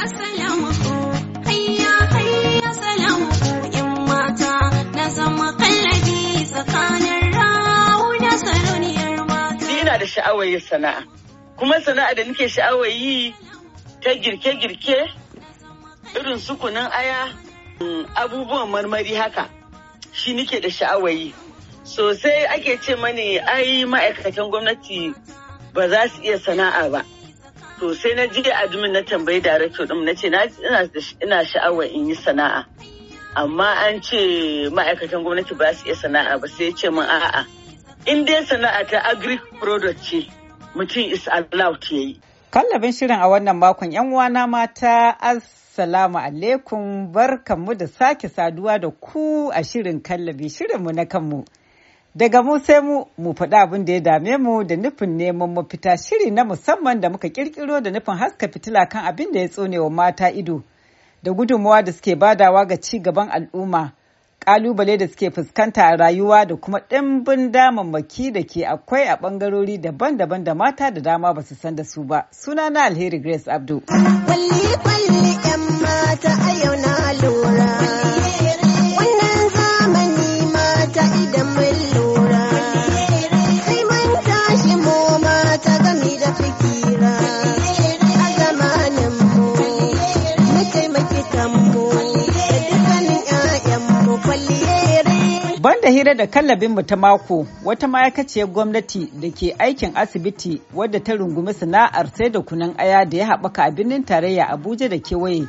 ina da sha'awar sana'a kuma sana'a da nake sha'awar yi ta girke-girke irin sukunan aya mm, abubuwan marmari haka shi nake da sha'awar sosai ake ce mani ai ma'aikatan gwamnati ba za su iya sana'a ba to sai na ji admin na tambayi director din na ce ina sha'awar in yi sana'a amma an ce ma'aikatan gwamnati ba su iya sana'a ba sai ya ce min a'a in dai sana'a ta agri product ce mutum is allowed ya yi kallabin shirin a wannan makon yan uwana mata assalamu alaikum barkanmu da sake saduwa da ku a shirin kallabi shirinmu na kanmu Daga mu sai mu mu faɗi abin da ya dame mu da nufin neman mafita shiri na musamman da muka kirkiro da nufin haska fitila kan abin da ya wa mata ido da gudunmawa da suke badawa ga ci gaban al'umma kalubale da suke fuskanta a rayuwa da kuma ɗimbin damammaki da ke akwai a ɓangarori daban-daban da mata da dama ba su san da su ba. suna na Alheri Grace Abdu. Kwalli-kwalli 'yan mata a yau na hira da kallabinmu ta mako wata ma'aikaciyar gwamnati da ke aikin asibiti wadda ta rungumi sana'ar sai da kunan aya da ya haɓaka a birnin tarayya Abuja da kewaye.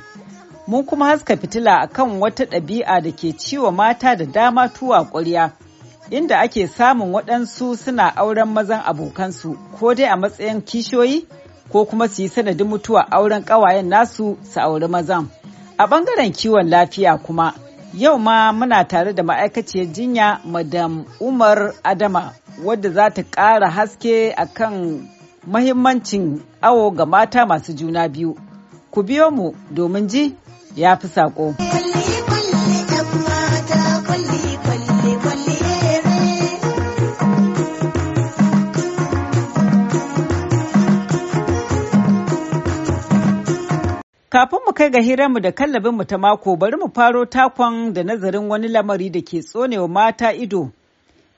Mun kuma haska fitila a kan wata ɗabi'a da ke ciwa mata da dama tuwa ƙwarya. inda ake samun waɗansu suna auren mazan abokansu ko dai a matsayin kishiyoyi ko kuma su yi sanadin mutuwa auren ƙawayen nasu su auri mazan. A ɓangaren kiwon lafiya kuma Yau ma muna tare da ma'aikaciyar jinya Madam Umar Adama wadda za ta ƙara haske akan mahimmancin awo ga mata masu juna biyu. Ku biyo mu domin ji ya fi saƙo. Kafin mu kai ga hiranmu da kallabin mu ta mako bari mu faro takon da nazarin wani lamari da ke tsonewa mata ido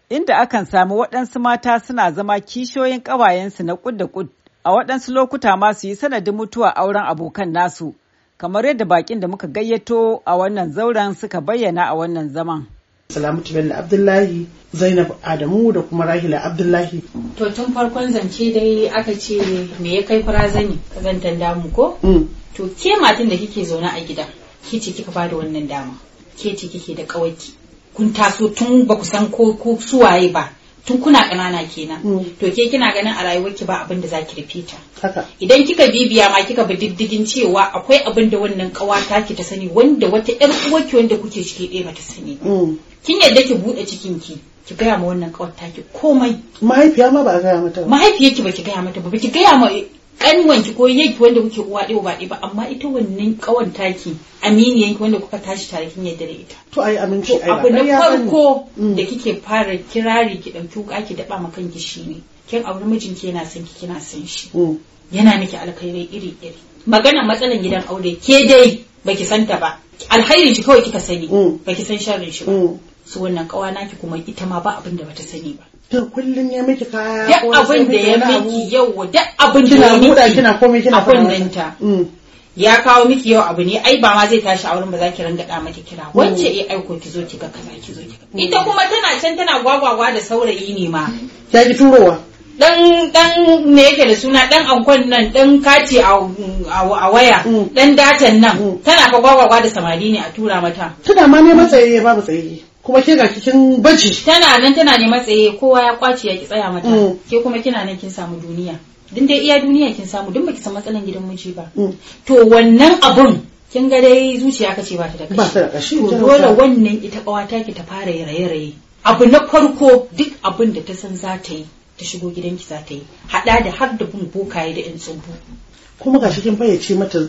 inda akan samu waɗansu mata suna zama kishiyoyin ƙawayensu na kud da kud a waɗansu lokuta ma su yi sanadin mutuwa auren abokan nasu kamar yadda bakin da muka gayyato a wannan zauren suka bayyana a wannan zaman. Salamatu Bello Abdullahi, Zainab Adamu da kuma Rahila Abdullahi. To tun farkon zance dai aka ce me ya kai fura zani tanda mu ko? Mm. to ke matan da kike zaune a gida ke ce kika bada wannan dama ke ce kike da kawaki kun taso tun ba ku san ko ko suwaye ba tun kuna ƙanana kenan mm. to ke kina ganin a ki ba abin da za ki idan kika bibiya ma kika bi diddigin cewa akwai abin da wannan ta ki ta sani wanda wata ƴar uwarki wanda kuke ciki ɗaya ta sani mm. kin yadda ki buɗe cikin ki ki gaya ma wannan ta ki komai mahaifiya ma ba a gaya mata ki ba ki gaya mata ba ki gaya ma wanki ko yanki wanda kuke uwa ɗaya ba ɗaya ba amma ita wannan kawan taki yanki wanda kuka tashi tare kin yadda da ita to ai aminci ai abu na farko mm. da kike fara kirari ki ɗauki wuka ki daba ma kanki ne. kin aure mijinki yana son ki kina son shi mm. yana miki alkhairai iri iri magana matsalan gidan aure ke dai baki san ta ba alkhairin shi kawai kika sani mm. baki san sharrin shi ba su wannan kawana ki kuma ita ma ba abin da bata sani ba to kullum ya miki kaya ko abin da ya miki yau duk abin da ya miki kina komai kina mm. ya kawo miki yau abu ne ai ba ma zai tashi a wurin ba za ki ranga da maki kira mm. wacce eh, ai ko ki zo ki ga kaza ki zo ki ga ita kuma tana can tana gwagwagwa da saurayi ne ma ya ji turowa dan dan me yake da suna dan ankon nan dan kati a waya mm. dan datan nan tana ka gwagwagwa da samari ne a tura mata tana ma neman ba babu tsayi kuma ke ga kin bace tana nan tana neman tsaye kowa ya kwace ya ki tsaya mata mm. ke kuma kina nan kin samu duniya din dai iya duniya kin samu din baki san matsalan gidan miji ba mm. to wannan abun kin ga dai zuciya kace ba ta da kashi ba ta da kashi to dole wannan ita kawata ki ta fara raye-raye abu na farko duk abin da ta san za ta yi ta shigo gidanki za ta yi hada da har da bin bokaye da yan tsubu kuma gashi ya ce mata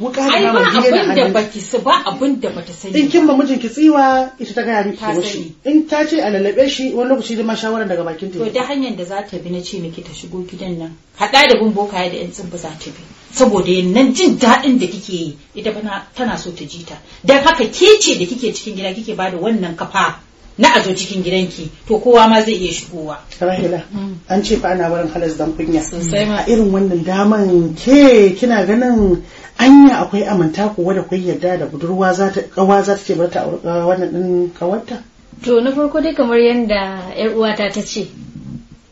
wuka da nama biye da hannun baki su ba abin da bata sani in kin ba ki tsiwa ita ta gaya miki mushi in ta ce a lalabe shi wani lokaci da ma shawaran daga bakin ta to da hanyar da za ta bi na ce miki ta shigo gidan nan haɗa da bin bokaye da yan tsimba za ta bi saboda nan jin daɗin da kike yi ita tana so ta ji ta dan haka ke ce da kike cikin gida kike bada wannan kafa na a zo cikin gidanki to kowa ma zai iya shigowa. Rahila mm. an ce fa ana barin halas dan kunya. Sosai ma. A irin wannan daman ke kina ganin anya akwai amanta ko wadda kun yarda da budurwa za ta kawa za ta ce bar ta wannan din kawarta. To na farko dai kamar yadda yar uwata ta ce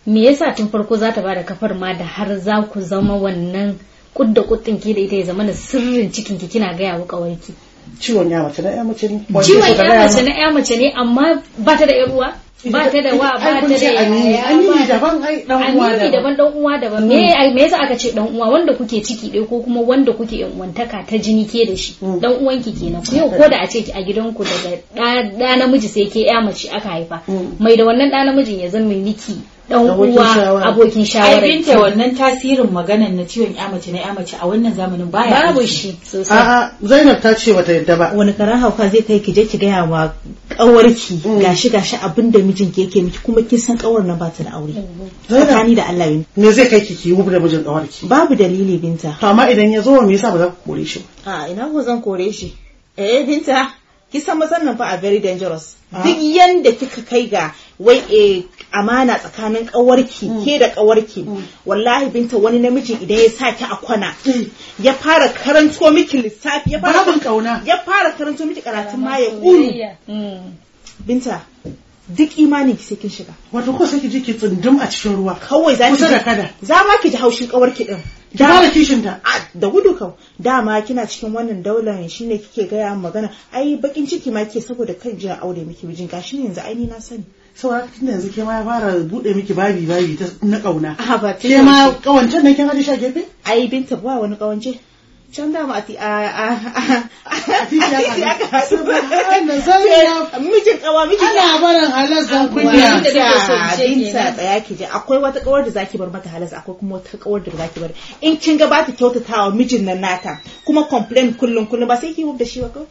me yasa tun farko za ta bada kafar ma da har za ku zama wannan kudda kudin ki da ita ya zama da sirrin cikin ki kina gaya wa kawarki. ciwon ya mace na ya mace ne ciwon ya mace na ya mace ne amma ba ta da yan uwa ba ta da wa ba ta da yaya amini daban ai dan uwa daban daban dan uwa daban me me yasa aka ce dan uwa wanda kuke ciki dai ko kuma wanda kuke yan uwantaka ta jini ke da shi dan mm. uwanki kenan ku yau ko da a ce a gidanku daga da namiji sai ke ya mace aka haifa mm. mai da wannan da namijin ya zama miki dan uwa abokin shawara ai binta wannan tasirin magana na ciwon ya mace na ya mace a wannan zamanin baya babu shi sosai a'a Zainab ta ce bata yadda ba wani karan hauka zai kai ki je ki gaya wa kawarki mm. gashi gashi abinda mijin ki yake miki kuma kin san kawar na ba ta da aure tsakani da Allah yin me zai kai ki ki hubu da mijin kawarki babu dalili binta to amma idan ya zo me yasa ba za ku kore shi a ina ko zan kore shi eh binta Ki san mazan nan fa a very dangerous ah. duk yanda kika kai ga wai e amana tsakanin kawarki mm. ke da kawarki mm. wallahi binta wani namiji idan ya saki a kwana mm. ya fara karanto miki lissafi ya fara kauna ya fara karanto miki karatun ma ya kuru binta duk imanin ki sai kin shiga wato ko sai ki je ki tsundum a cikin ruwa kawai za ki kada za ma ki ji haushin kawarki din ki kishin ta da gudu kam dama kina cikin wannan daular shine kike gaya magana ai bakin ciki ma ke saboda kan jiran aure miki mijin gashi ne yanzu aini na sani saboda tun da yanzu ke ma ya fara bude miki babi babi ta na kauna ke ma kawancen nan kin hadu sha gefe ai binta ba wani kawance can dama a mijin kawa mijin ana barin halas dan kunya dinsa tsaya ki je akwai wata kawar da zaki bar mata halas akwai kuma wata kawar da zaki bar in kin ga ba ta kyautatawa mijin nan nata kuma complain kullum kullum ba sai ki da shi ba kawai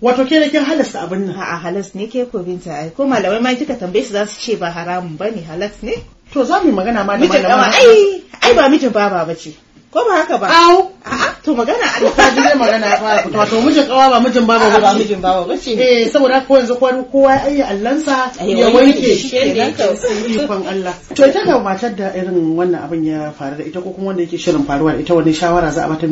Wato ke da kin halasta abin nan? A'a halas ne ke ko binta ai ko malamai ma kika tambaye su za su ce ba haramun bane halas ne? To za mu magana ma da malamai. Mijin ai ai ba mijin ba ba bace. Ko ba haka ba? Au. A'a to magana ji zai magana ya fara fitowa to mijin kawa ba mijin ba ba mijin ba ba ce eh saboda ko yanzu ko kowa ya allansa ya wanke shi kan Allah to ita ga matar da irin wannan abin ya faru da ita ko kuma wanda yake shirin faruwa ita wani shawara za a bata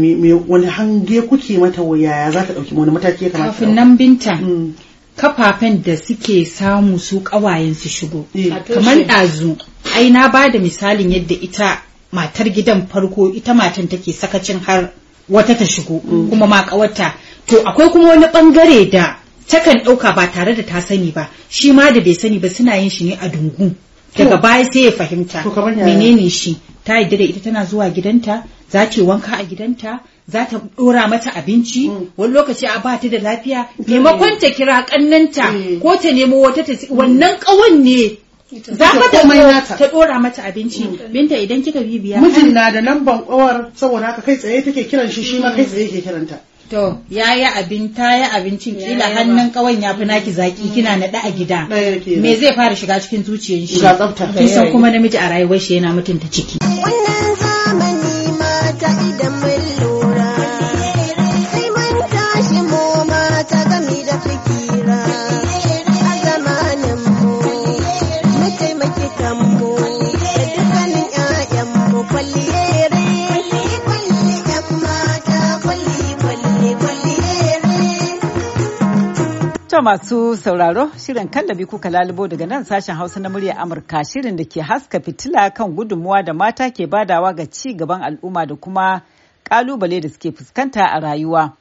wani hange kuke mata yaya za ta dauki wani mataki ya kamata kafin nan binta hmm. kafafen da suke samu su kawayen su shigo eh. kamar dazu ai na ba da misalin yadda ita matar gidan farko ita matan take sakacin har wata ta shigo kuma ma kawarta to akwai kuma wani bangare da takan ɗauka ba tare da ta sani ba shi ma da bai sani ba suna yin shi ne a dungu daga baya sai ya fahimta menene shi ta yadda da ita tana zuwa gidanta za ta wanka a gidanta za ta dora mata abinci mm. wani lokaci a ba ta da lafiya mm. maimakon ta kira kannanta eh. ko ta nemo wata ta wannan kawan ne za ka ta nata ta dora mata abinci mm. binta idan kika bibiya mijin na da lamban kawar saboda haka kai tsaye take kiran shi shi ma kai tsaye ke kiranta to ya yi abin ta yi abincin kila hannun kawai ya fi naki zaki mm. kina naɗa a gida me zai fara shiga cikin zuciyar shi kin san kuma namiji a rayuwar shi yana mutunta ciki To masu sauraro shirin kallabi kuka lalubo daga nan sashen Hausa na murya Amurka shirin da ke haska fitila kan gudunmuwa da mata ke badawa ga ci gaban al'umma da kuma kalubale da suke fuskanta a rayuwa.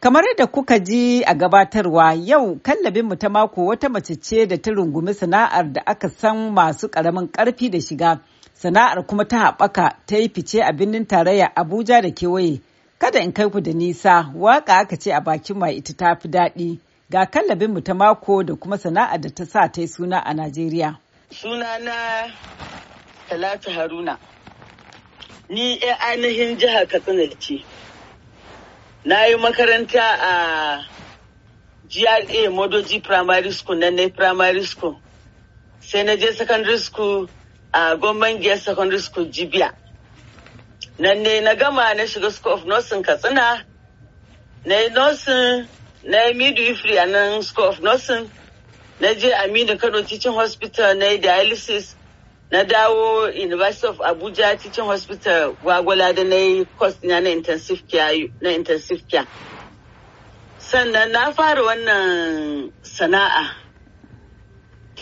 Kamar yadda kuka ji a gabatarwa yau kallabin mu ta mako wata mace ce da ta rungumi sana'ar da aka san masu karamin karfi da shiga. Sana'ar kuma ta haɓaka ta yi fice a birnin tarayya Abuja da kewaye. Kada in kai ku da nisa, waka aka ce a bakin mai ita ta fi daɗi. ga mu ta mako da kuma sana'a da ta sa ta yi suna a Najeriya. Suna na Talatu Haruna. Ni ‘yan ainihin jiha Katsina ce. Na yi makaranta a GRA Modoji Primary School na Primary School. Sai na je Secondary School a Gomman Gear Secondary School Jibiya. Nan ne na gama na shiga School of Nursing Katsina. Na yi Nursing na yi midwifery a nan school of nursing na je aminu kano teaching hospital na dialysis na dawo university of abuja teaching hospital gwagwala da na yi course na intensive care na intensive care sannan na fara wannan sana'a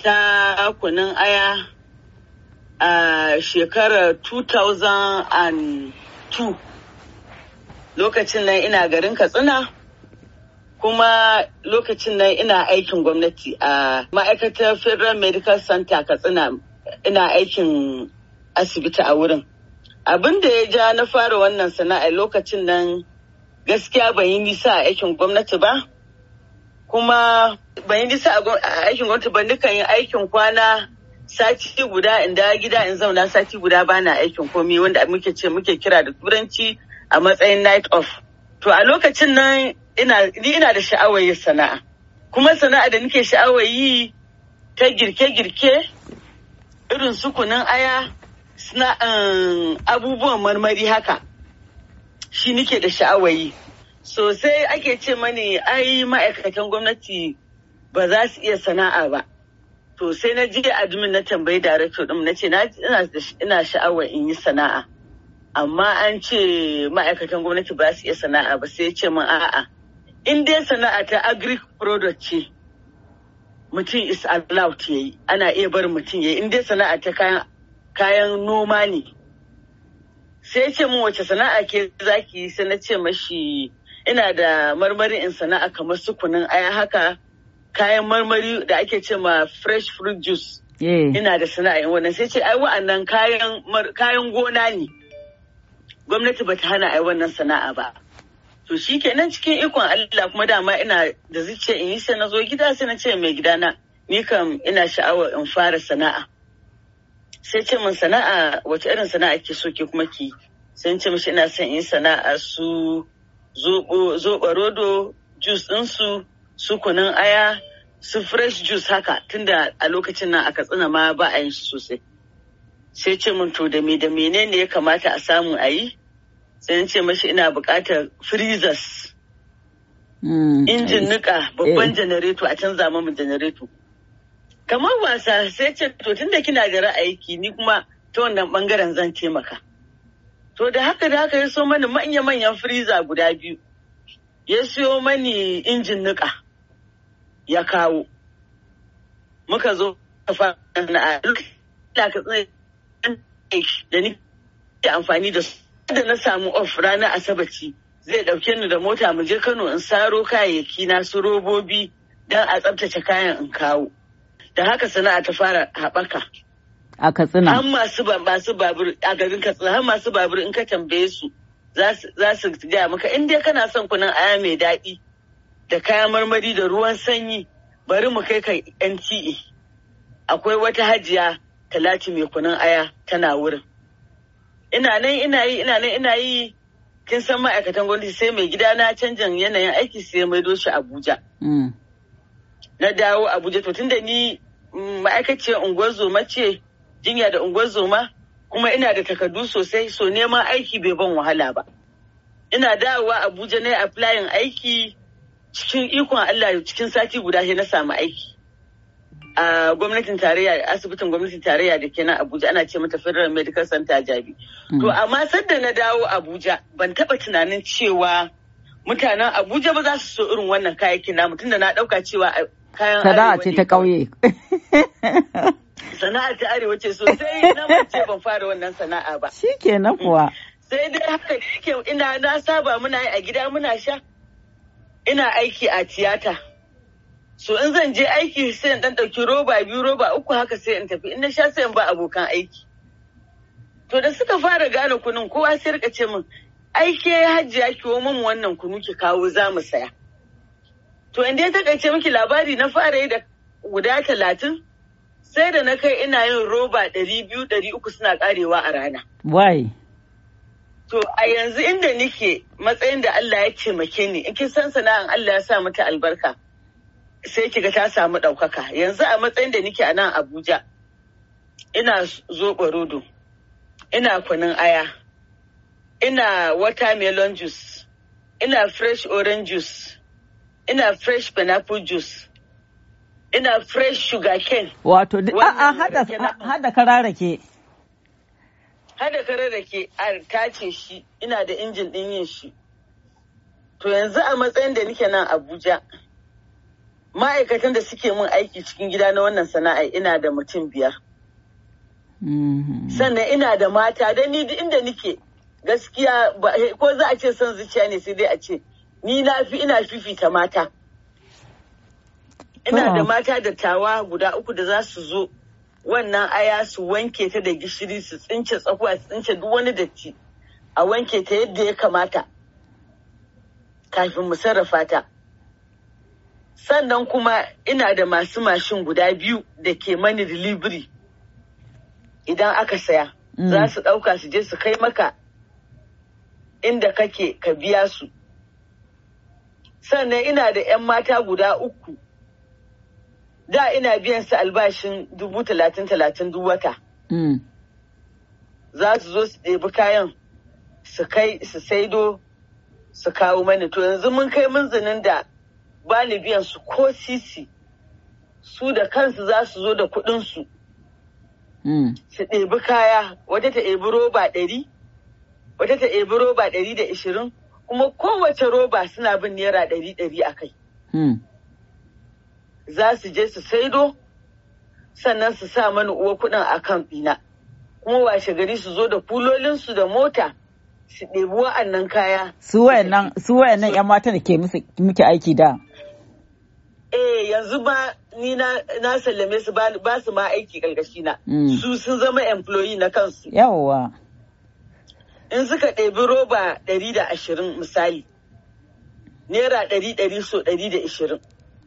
ta kunin aya a shekarar 2002 lokacin nan ina garin katsina kuma lokacin nan ina aikin gwamnati a ma'aikatar federal medical center katsina ina aikin asibiti a wurin abin da ya ja na fara wannan sana'a lokacin nan gaskiya ban yi nisa a aikin gwamnati ba kuma ban yi nisa a aikin gwamnati ba nukan yi aikin kwana sati guda in da gida in zauna sati guda bana aikin komi wanda muke ce muke kira da turanci a matsayin night off to a lokacin nan ni ina da sha'awar yin sana'a kuma sana'a da nake sha'awar yi ta girke-girke irin sukunin aya suna eh, abubuwan marmari haka shi nike da sha'awar yi sosai ake ce mani ai ma'aikatan gwamnati ba za su iya sana'a ba to sai na jiya admin na tambayi director din na ce ina sha'awar in yi sana'a amma an ce ma'aikatan gwamnati ba su iya sana'a ba sai ce min a'a in dai sana'a ta agri product ce mutum is allowed ya yi ana iya bar mutum ya yi in dai sana'a ta kayan noma ne sai ce mu wace sana'a ke zaki yi sai na ce mashi ina da marmari in sana'a kamar su aya haka kayan marmari da ake ce ma fresh fruit juice ina da sana'a in wannan sai ce ai wa'annan kayan gona ne gwamnati bata hana ai wannan sana'a ba to shi kenan cikin ikon Allah kuma dama ina da zuciya in yi sai na zo gida sai na ce mai gidana ni kam ina sha'awar in fara sana'a sai ce min sana'a wace irin sana'a ke so ke kuma ki sai ce mishi ina son in sana'a su zoɓa rodo juice ɗinsu su kunun aya su fresh juice haka tunda a lokacin nan a katsina ma ba a yin su sosai sai ce min to da me da menene ya kamata a samu a yi sai ce mashi ina bukatar freezers hmm. injin nuka babban eh. janareto a canza mamu janareto kamar wasa sai ce to tunda kina da ra'ayi ki ni kuma ta wannan bangaren zan taimaka to da haka da haka ya so mani manya-manyan freezer guda biyu ya siyo mani injin nuka ya kawo muka zo na a da ni amfani da su da na samu of ranar asabaci zai dauke ni da mota mu je kano in saro kayayyaki na su robobi don a tsabtace kayan in kawo da haka sana'a ta fara haɓaka a katsina har masu babur a garin katsina har masu babur in ka tambaye su za su gaya maka in dai kana son kunan aya mai daɗi da kayan marmari da ruwan sanyi bari mu kai ka NTA akwai wata hajiya talati mai kunan aya tana wurin ina nan ina yi ina nan ina yi kin san ma'aikatan gwamnati sai mai gida na canjin yanayin aiki sai maido shi Abuja. Mm. Na dawo Abuja to tunda ni mm, ma'aikaciyar unguwar zoma ce jinya da unguwar zoma kuma ina da takardu sosai so neman aiki bai ban wahala ba. Ina dawowa Abuja na yi aiki cikin ikon Allah cikin sati guda sai na samu aiki. a gwamnatin tarayya asibitin gwamnatin tarayya da ke na abuja ana ce mata federal medical center jabi mm. to amma sadda na dawo abuja ban taba tunanin cewa mutanen abuja ba za su so irin wannan kayayyakin namu tunda na dauka cewa eh, kayan sana'a ce ta kauye sana'a ta arewa ce sosai na mace ban fara wannan sana'a ba shikenan mm. kuwa sai dai haka da ina na saba muna yi a gida muna sha ina aiki a tiyata so in zan je aiki sai in dan dauki roba biyu roba uku haka sai in tafi in na sha sai in ba abokan aiki to da suka fara gane kunun kowa sai rika ce min aike hajjiya ki wo min wannan kunu ki kawo za mu saya to in dai takaice miki labari na fara yi da guda talatin sai da na kai ina yin roba ɗari biyu ɗari uku suna karewa a rana why To a yanzu inda nike matsayin da Allah ya taimake ni, in kin san sana'an Allah ya sa mata albarka. sai kiga ta samu ɗaukaka yanzu a matsayin da nike a nan abuja ina zoɓa rodo ina kunun aya ina watermelon juice ina fresh orange juice ina fresh pineapple juice ina fresh sugar cane wato a hada kararake hada kararake a tace shi ina da injin ɗin yin shi to yanzu a matsayin da nike nan abuja ma'aikatan da suke mun aiki cikin gida na wannan sana'a ina da mutum biyar mm-hmm. sannan ina da mata da ni inda nike gaskiya ko za a ce son zuciya ne sai dai a ce ni na fi ina fifita mata ina da mata da tawa guda uku da za su zo wannan aya su wanke ta da gishiri su tsince tsakuwa su tsince duk wani datti a wanke ta yadda ya kamata kafin mu sarrafa ta sannan kuma ina da masu mashin guda biyu da ke mani delivery idan aka saya mm. za su ɗauka su je su kai maka inda kake ka biya su sannan ina da 'yan mata guda uku da ina biyan su albashin dubu talatin talatin duk wata mm. za su zo su ɗebi kayan su kai su saido su kawo mani to yanzu mun kai munzinin da ba ni biyan su ko sisi su da kansu za su zo da kuɗinsu hmm. su ɗebi kaya wata ta ɗebi roba ɗari wata ta ɗebi roba ɗari da ishirin kuma kowace roba suna bin naira ɗari ɗari a kai hmm. za su je su saido sannan su sa mani uwa kuɗin a kan ɗina kuma washe gari su zo da fulolinsu da mota su ɗebi wa'annan kaya su wayannan 'yan mata da ke muke aiki da eh yanzu ba ni na sallame su ba su ma aiki karkashi na mm. su sun zama employee na kansu yawwa in suka ɗebi roba ɗari da ashirin misali naira ɗari ɗari so ɗari da ashirin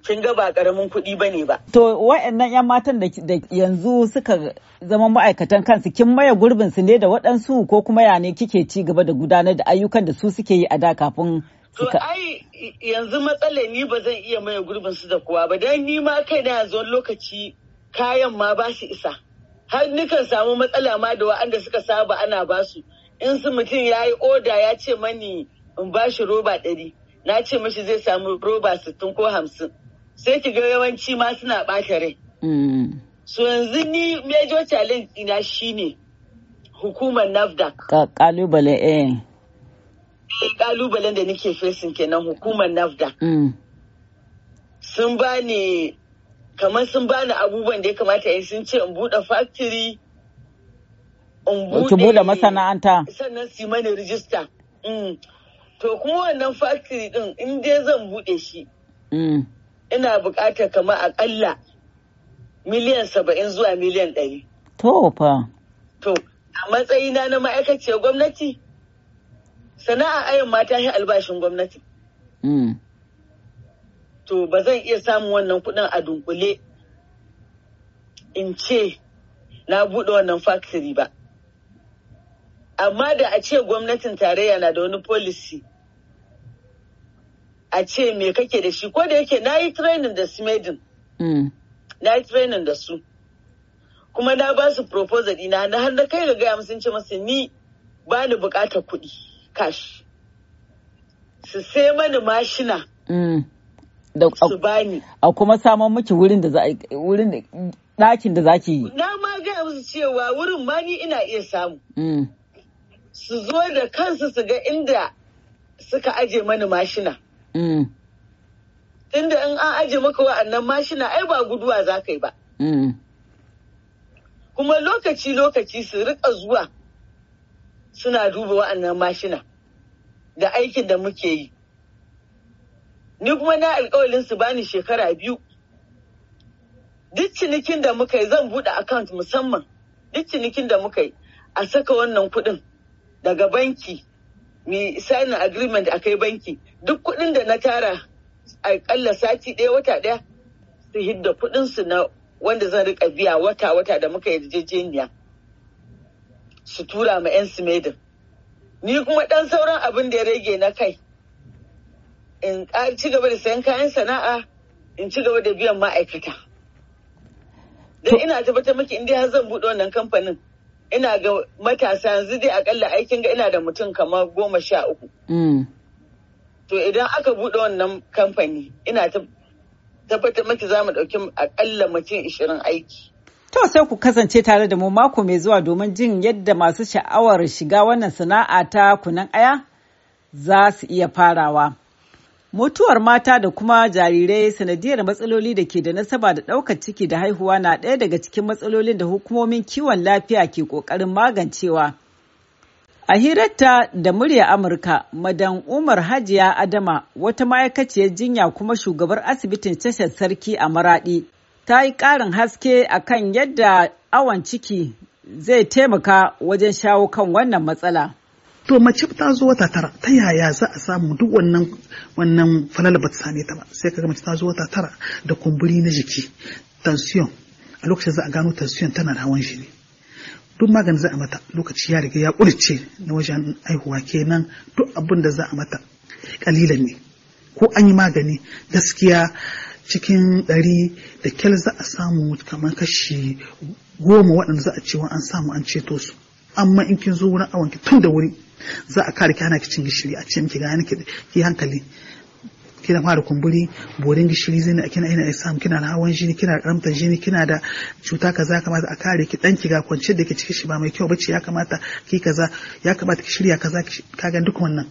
kin ga ba ƙaramin kuɗi ba ne ba. To wa'annan 'yan matan da yanzu suka zama ma'aikatan kansu kin maye gurbin su ne da waɗansu ko kuma ya ne kike ci gaba da gudanar da ayyukan da su suke yi a da kafin To ai yanzu matsala ni ba zan iya maye gurbin su da kowa ba dan ni ma kai na yanzu lokaci kayan ma ba su isa. Har nikan samu matsala ma da wa'anda suka saba ana ba su. In su mutum ya yi oda ya ce mani in ba shi roba ɗari. Na ce mashi zai samu roba sittin ko hamsin. Sai ki ga yawanci ma suna ɓata rai. Mm. So yanzu ni major challenge ina shine hukumar NAFDAC. Ka Kalubale eh. kalubalen da nake fesin kenan hukumar nafda mm. sun ba ni kamar sun ba ni abubuwan da ya kamata yi sun ce in buɗe factory in buɗe masana'anta sannan su mani rijista mm. to kuma wannan factory din in dai zan buɗe shi mm. ina buƙatar kamar aƙalla miliyan saba'in zuwa miliyan ɗari to fa to a matsayina na ma'aikaciyar gwamnati sana'a ayin mata yi albashin gwamnati hmm. to ba zan iya samun wannan kudin a dunkule in ce na buɗe wannan factory ba amma da a ce gwamnatin tarayya na da wani policy a ce me kake da shi ko da yake na yi training da smedin hmm. na yi training da su kuma na ba su proposal ina na har na kai ga gaya sun ce masu ni ba ni bukatar kuɗi cash su sai mani mashina mm. su bani a kuma saman miki wurin da za wurin da ɗakin da zaki yi na ma ga musu cewa wurin ma ni ina iya samu mm. su zo da kansu su ga inda suka aje mani mashina mm. tunda in an aje maka wa'annan mashina ai ba guduwa za ka yi ba kuma lokaci-lokaci su rika zuwa suna duba wa'annan mashina da aikin da muke yi. Ni kuma na alkawalin su bani shekara biyu. Duk cinikin da muka yi zan buɗe account musamman. Duk cinikin da muka yi a saka wannan kuɗin daga banki mi signing agreement a kai banki duk kuɗin da na tara akalla sati ɗaya wata ɗaya su hidda kuɗinsu na wanda zan riƙa biya wata-wata da muka yi yarjejeniya. su tura ma 'yan simedin ni kuma ɗan sauran abin da ya rage na kai in ci gaba da sayan kayan sana'a in ci gaba da biyan ma'aikata don ina tabbatar maki inda har zan buɗe wannan kamfanin ina ga matasa yanzu dai akalla aikin ga ina da mutum kamar goma sha uku mm. to idan aka buɗe wannan kamfani ina tabbatar maki za mu ɗauki akalla mutum ishirin aiki To sai ku kasance tare da mu mako mai zuwa domin jin yadda masu sha'awar shiga wannan sana'a ta kunan aya za su iya farawa. Mutuwar mata da kuma jarirai sanadiyar matsaloli da ke da nasaba da ɗaukar ciki da haihuwa na ɗaya daga cikin matsalolin da hukumomin kiwon lafiya ke ƙoƙarin magancewa. A hirarta da murya Amurka, Madan Umar Hajiya Adama wata ma'aikaciyar jinya kuma shugabar asibitin tashar sarki a Maraɗi ta yi ƙarin haske a kan yadda awon ciki zai taimaka wajen shawo kan wannan matsala. to mace ta zo wata tara ta yaya za a samu duk wannan wannan falala ba ta same ta ba sai kaga mace ta zo wata tara da kumburi na jiki tension a lokacin za a gano tension tana da hawan jini duk magani za a mata lokaci ya riga ya kurce na wajen aihuwa kenan duk abin da za a mata kalilan ne ko an yi magani gaskiya cikin ɗari da kyal za a samu kamar kashi goma waɗanda za a cewa an samu an ceto su amma in kin zo wurin awon tun da wuri za a kare ki hana cin gishiri a ce miki ga ki hankali kina fara kumburi borin gishiri zai kina ina samu kina da hawan jini kina da karamtar jini kina da cuta kaza kamata a kare ki danki ga kwance da ke ciki shi ba mai kyau bace ya kamata ki kaza ya kamata ki shirya kaza gan duk wannan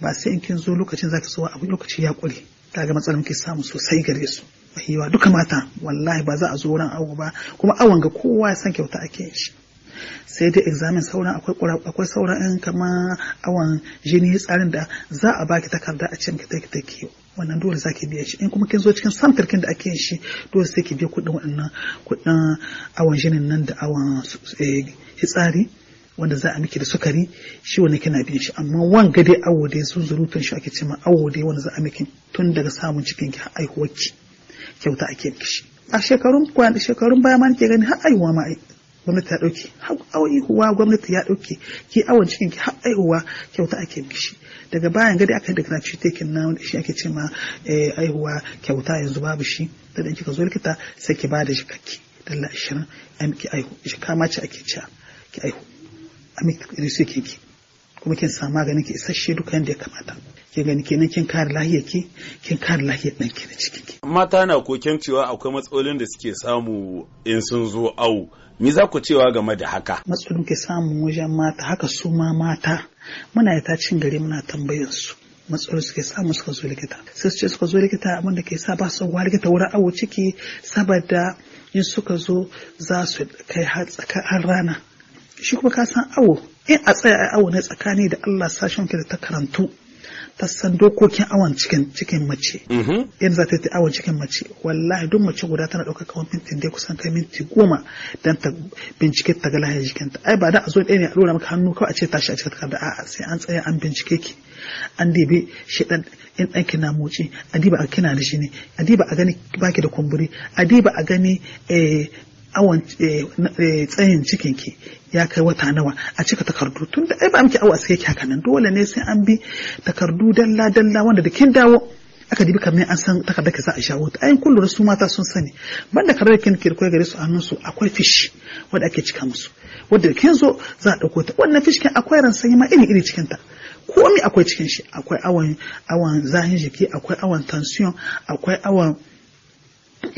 ba sai in kin zo lokacin zaki so a lokaci ya kure kaga matsalar muke samu sosai gare su mahiwa duka mata wallahi ba za a zo wurin awo ba kuma awon ga kowa ya san kyauta ake shi sai dai examen sauran akwai akwai sauran ɗin kama awon jini tsarin da za a baki takarda a cikin kitai kitai take wannan dole za ki biya shi in kuma kin zo cikin samtar da ake yin shi dole sai ki biya kuɗin wannan kuɗin awon jinin nan da awon fitsari eh, wanda za a miki da sukari shi wani kina bin shi amma wanga dai awo dai zurutun shi ake cewa awo dai wanda za a miki tun daga samun cikin ki har aihuwar ki kyauta ake miki shi a shekarun kwana shekarun baya ma nake gani har aihuwa ma gwamnati ta dauke har aihuwa gwamnati ya dauke ki awon cikin ki har aihuwa kyauta ake miki shi daga bayan gadi aka da grafi take na wanda shi ake cewa eh, aihuwa kyauta yanzu babu shi da dan kika zo likita sai ki bada shi kakki dalla 20 ai miki aihu shi kama ce ake cewa ki aihu a miki ki kuma kin samu maganin ki isasshe duka yadda ya kamata kin gani kenan kin kare lahiyar ki kin kare lahiyar dan ki da cikin ki mata na koken cewa akwai matsalolin da suke samu in sun zo awo me za ku cewa game da haka matsalolin ke samu wajen mata haka su ma mata muna ta cin gari muna tambayar su matsalolin suke samu suka zo likita sai su ce suka zo likita abin da ke sa ba su wa likita wurin awo ciki saboda in suka zo za su kai har tsakar rana shi kuma ka san awo in eh, a tsaya awo ne tsakani da Allah sashen ka da ta karantu ta san dokokin awon cikin mace in mm-hmm. za ta yi awon cikin mace wallahi duk mace guda tana ɗaukar kawon minti da kusan kai minti goma don ta bincike ta ga lahiyar jikinta ai ba da a zo ɗaya ne a ɗora maka hannu kawai a ce tashi a cikin takarda a'a sai an tsaya an bincike ki an dibe shi ɗan in ɗan na motsi a diba a kina da shi ne a diba a gani baki da kumburi a diba a gani eh, awon eh, eh, tsayin cikin ki ya kai wata nawa a cika takardu tun da ai ba miki awa sai haka nan dole ne sai an bi takardu dalla dalla wanda da kin dawo aka dibi kamar an san takardar ka za a shawo ta ayin kullum su mata sun sani banda karar kin kirkoy gare su hannun su akwai fish wanda ake cika musu wanda da kin zo za a dauko ta wannan fish kin akwai ran sanyi ma iri iri cikin ta komai akwai cikin shi akwai awan awan zahin jiki akwai awan tension akwai awan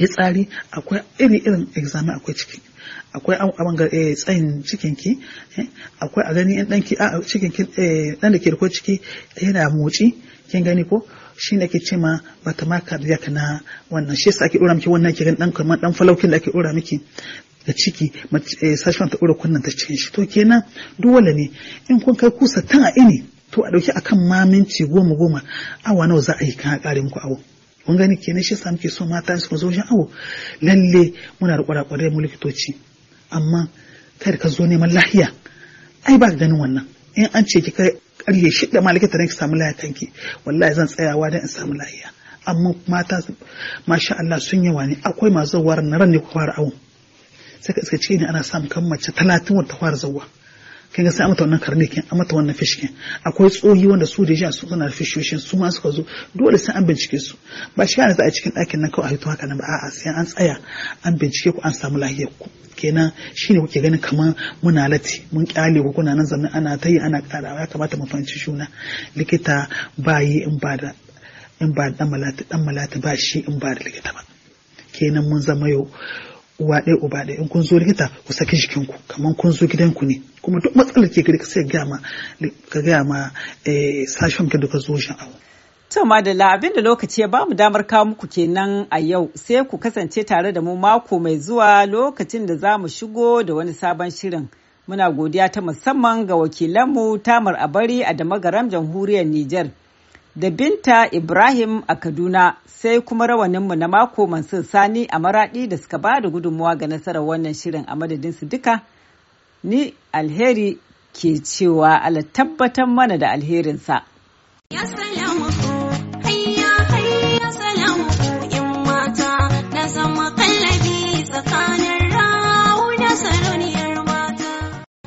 tsari akwai iri-irin examen akwai ciki akwai abin ga eh, tsayin cikinki eh, akwai a gani yan ɗanki a cikinki dan eh, da ke da ciki yana motsi kin gani ko shi ne ke ce ma bata ma cardiac na wannan shi yasa ake ɗora miki wannan ke ɗan kamar ɗan falaukin da ake ɗora miki da ciki sashen ta ɗora kunnen ta cikin shi to kenan dole ne in kun kai kusa tan a ini to a ɗauki akan ma minti goma goma awa nawa za a yi kan a ƙare muku awon mun gani kenan shi sa ke so mata su zo wajen awo lalle muna da kwarakwarai mu likitoci amma kai ka zo neman lahiya ai ba ganin wannan in an ce ki kai karye shi da likita ne ki samu lahiya kanki wallahi zan tsayawa dan in samu lahiya amma mata masha Allah sun yawa ne akwai masu zawar na ran ne ku fara awo sai ka iska ce ne ana samu kan mace talatin wata fara zawa kin ga sai amata wannan karnikin amata wannan fishkin akwai tsohi wanda su da jiya su suna da fishoshin su ma suka zo dole sai an bincike su ba shi kana za a cikin ɗakin nan kawai a hito haka nan ba a'a sai an tsaya an bincike ku an samu lahiyar ku kenan shine kuke gani kamar muna lati mun kyale ku kuna nan zanne ana ta yi ana karawa ya kamata mu fahimci juna likita ba yi in ba da in ba da malati dan malati ba shi in ba da likita ba kenan mun zama yau uwa ɗaya uba ɗaya in kun zo likita ku saki jikinku kamar kun zo gidanku ne kuma duk matsalar ke gari ka sai gaya ma ka ga ma eh, sashen ka da zo shan abu. To Madalla abinda lokaci ya bamu damar kawo muku kenan a yau sai ku kasance tare da mu mako mai zuwa lokacin da za mu shigo da wani sabon shirin. Muna godiya ta musamman ga wakilanmu Tamar Abari a Damagaram Jamhuriyar Nijar. da Binta Ibrahim a Kaduna sai kuma rawaninmu na mako Mansur Sani a Maraɗi da suka ba da gudunmuwa ga nasarar wannan shirin a madadin su duka. Ni alheri ke cewa ala tabbatar mana da alherinsa. Yes,